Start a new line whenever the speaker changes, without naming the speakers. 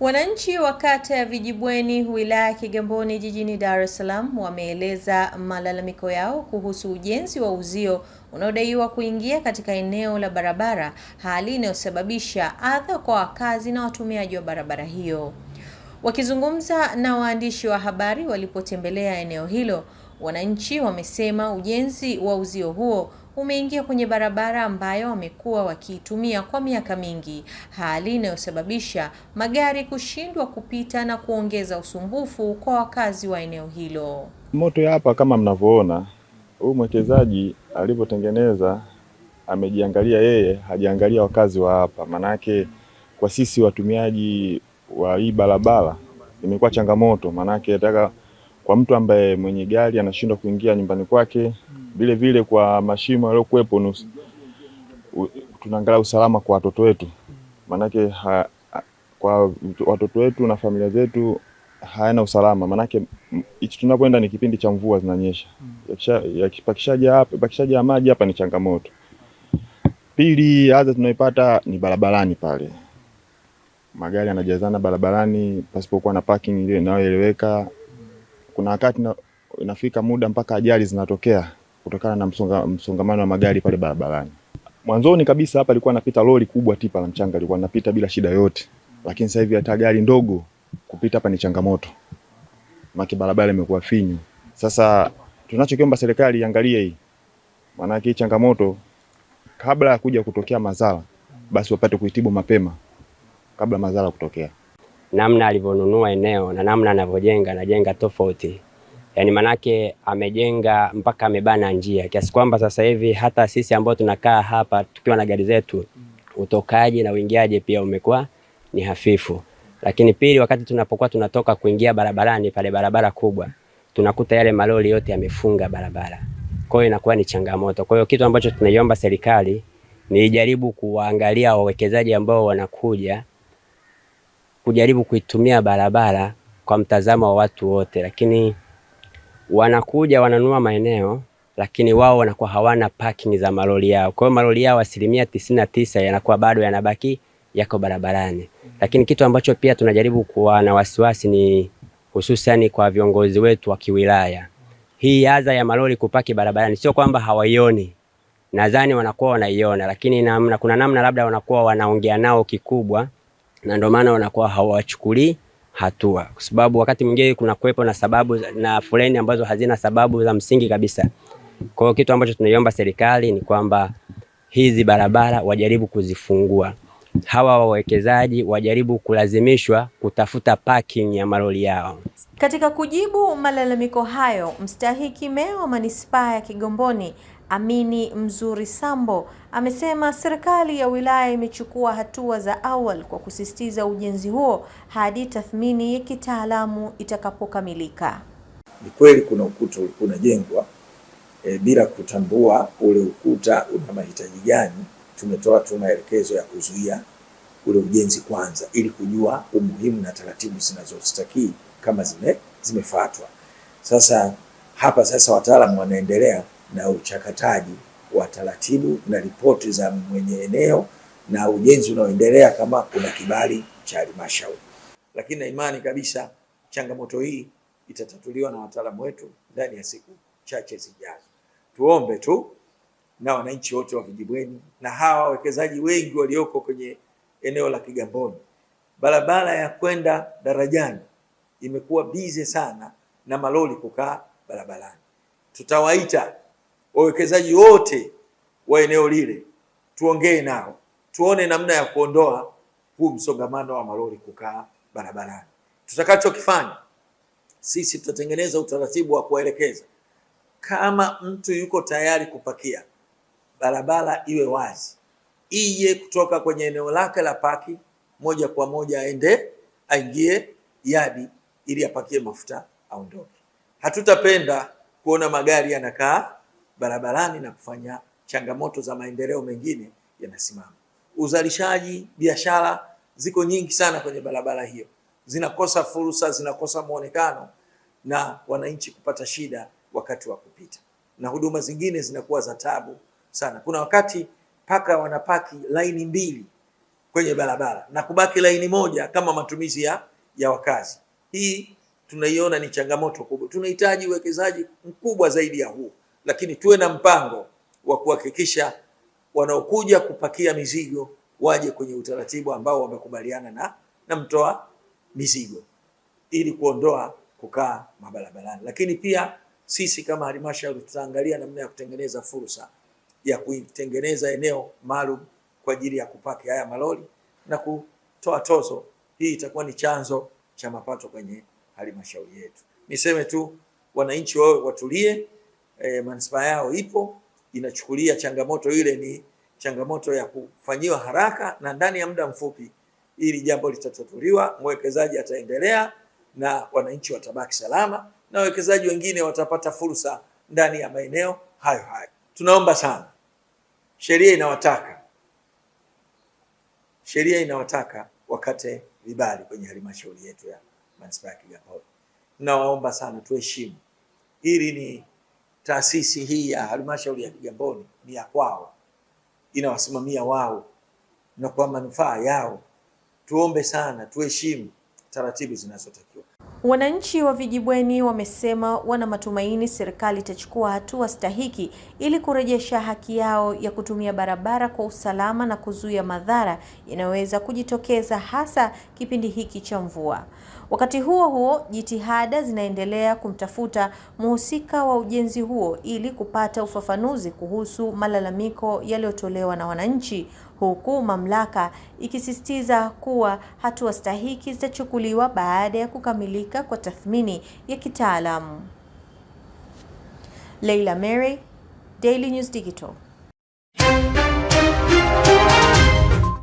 Wananchi wa kata ya Vijibweni wilaya ya Kigamboni jijini Dar es Salaam wameeleza malalamiko yao kuhusu ujenzi wa uzio unaodaiwa kuingia katika eneo la barabara, hali inayosababisha adha kwa wakazi na watumiaji wa barabara hiyo. Wakizungumza na waandishi wa habari walipotembelea eneo hilo, wananchi wamesema ujenzi wa uzio huo umeingia kwenye barabara ambayo wamekuwa wakiitumia kwa miaka mingi, hali inayosababisha magari kushindwa kupita na kuongeza usumbufu kwa wakazi wa eneo hilo.
Moto ya hapa kama mnavyoona, huyu mwekezaji alivyotengeneza amejiangalia yeye, hajiangalia wakazi wa hapa. Maanake kwa sisi watumiaji wa hii barabara imekuwa changamoto, maanake nataka kwa mtu ambaye mwenye gari anashindwa kuingia nyumbani kwake vile vile kwa mashimo yaliyokuwepo nusu, tunaangalia usalama kwa watoto wetu, maanake ha, kwa watoto wetu na familia zetu hayana usalama, maanake hichi tunapoenda ni kipindi cha mvua zinanyesha, pakishaji ya maji hapa ni changamoto. Pili, adha tunaipata ni barabarani pale, magari yanajazana barabarani pasipokuwa na parking ile inayoeleweka. Kuna wakati inafika muda mpaka ajali zinatokea kutokana na msonga, msongamano wa magari pale barabarani. Mwanzoni kabisa hapa alikuwa anapita lori kubwa, tipa la mchanga alikuwa anapita bila shida yote, lakini sasa hivi hata gari ndogo kupita hapa ni changamoto, Maki barabara imekuwa finyu. Sasa tunachokiomba serikali iangalie hii, maana hii changamoto kabla ya kuja kutokea madhara, basi wapate kuitibu mapema kabla madhara kutokea.
Namna alivyonunua eneo na namna anavyojenga, anajenga tofauti yani manake amejenga mpaka amebana njia kiasi kwamba sasa hivi hata sisi ambao tunakaa hapa tukiwa na gari zetu, utokaji na uingiaji pia umekuwa ni hafifu. Lakini pili, wakati tunapokuwa tunatoka kuingia barabarani pale, barabara kubwa, tunakuta yale malori yote yamefunga barabara, kwa hiyo inakuwa ni changamoto. Kwa hiyo kitu ambacho tunaiomba serikali ni ijaribu kuwaangalia wawekezaji ambao wanakuja kujaribu kuitumia barabara kwa mtazamo wa watu wote, lakini wanakuja wananunua maeneo lakini wao wanakuwa hawana parking za malori yao. Kwa hiyo malori yao asilimia tisini na tisa yanakuwa bado yanabaki yako barabarani. Lakini kitu ambacho pia tunajaribu kuwa na wasiwasi ni hususani kwa viongozi wetu wa kiwilaya, hii adha ya malori kupaki barabarani sio kwamba hawaioni, nadhani wanakuwa wanaiona, lakini namna, kuna namna labda wanakuwa wanaongea nao kikubwa, na ndio maana wanakuwa hawawachukulii hatua, kwa sababu wakati mwingine kuna kuwepo na sababu na fuleni ambazo hazina sababu za msingi kabisa. Kwa hiyo kitu ambacho tunaiomba serikali ni kwamba hizi barabara wajaribu kuzifungua, hawa wawekezaji wajaribu kulazimishwa kutafuta parking ya maroli yao.
Katika kujibu malalamiko hayo, mstahiki meya wa manispaa ya Kigamboni Amini Mzuri Sambo amesema serikali ya wilaya imechukua hatua za awali kwa kusisitiza ujenzi huo hadi tathmini ya kitaalamu itakapokamilika.
Ni kweli kuna ukuta ulikuwa unajengwa e, bila kutambua ule ukuta una mahitaji gani. Tumetoa tu maelekezo ya kuzuia ule ujenzi kwanza, ili kujua umuhimu na taratibu zinazostakii kama zime zimefuatwa. Sasa hapa sasa wataalamu wanaendelea na uchakataji wa taratibu na ripoti za mwenye eneo na ujenzi unaoendelea kama kuna kibali cha halmashauri.
Lakini na imani kabisa changamoto hii itatatuliwa na wataalamu wetu ndani ya siku chache zijazo. Tuombe tu na wananchi wote wa Vijibweni na hawa wawekezaji wengi walioko kwenye eneo la Kigamboni, barabara ya kwenda darajani imekuwa bize sana na malori kukaa barabarani. Tutawaita wawekezaji wote wa eneo lile, tuongee nao, tuone namna ya kuondoa huu msongamano wa malori kukaa barabarani. Tutakachokifanya sisi, tutatengeneza utaratibu wa kuwaelekeza kama mtu yuko tayari kupakia, barabara iwe wazi, iye kutoka kwenye eneo lake la paki moja kwa moja aende aingie yadi ili apakie mafuta aondoke. Hatutapenda kuona magari yanakaa barabarani na kufanya changamoto za maendeleo mengine yanasimama. Uzalishaji, biashara ziko nyingi sana kwenye barabara hiyo, zinakosa fursa, zinakosa mwonekano na wananchi kupata shida wakati wa kupita, na huduma zingine zinakuwa za tabu sana. Kuna wakati paka wanapaki laini mbili kwenye barabara na kubaki laini moja kama matumizi ya, ya wakazi. Hii tunaiona ni changamoto kubwa, tunahitaji uwekezaji mkubwa zaidi ya huu lakini tuwe na mpango wa kuhakikisha wanaokuja kupakia mizigo waje kwenye utaratibu ambao wamekubaliana na, na mtoa mizigo ili kuondoa kukaa mabarabarani. Lakini pia sisi kama halmashauri tutaangalia namna ya kutengeneza fursa ya kutengeneza eneo maalum kwa ajili ya kupaki haya malori na kutoa tozo. Hii itakuwa ni chanzo cha mapato kwenye halmashauri yetu. Niseme tu wananchi wawe watulie eh, manispaa yao ipo inachukulia changamoto ile ni changamoto ya kufanyiwa haraka na ndani ya muda mfupi, ili jambo litatatuliwa, mwekezaji ataendelea na wananchi watabaki salama na wawekezaji wengine watapata fursa ndani ya maeneo hayo hayo. Tunaomba sana, sheria inawataka sheria inawataka wakate vibali kwenye halmashauri yetu ya manispaa ya Kigamboni. Nawaomba sana tuheshimu, hili ni taasisi hii ya halmashauri ya Kigamboni ni ya kwao, inawasimamia wao na kwa manufaa yao. Tuombe sana, tuheshimu taratibu zinazotakiwa.
Wananchi wa Vijibweni wamesema wana matumaini serikali itachukua hatua stahiki ili kurejesha haki yao ya kutumia barabara kwa usalama na kuzuia madhara yanayoweza kujitokeza hasa kipindi hiki cha mvua. Wakati huo huo, jitihada zinaendelea kumtafuta mhusika wa ujenzi huo ili kupata ufafanuzi kuhusu malalamiko yaliyotolewa na wananchi huku mamlaka ikisisitiza kuwa hatua stahiki zitachukuliwa baada ya kukamilika kwa tathmini ya kitaalamu. Leila Mary, Daily News Digital.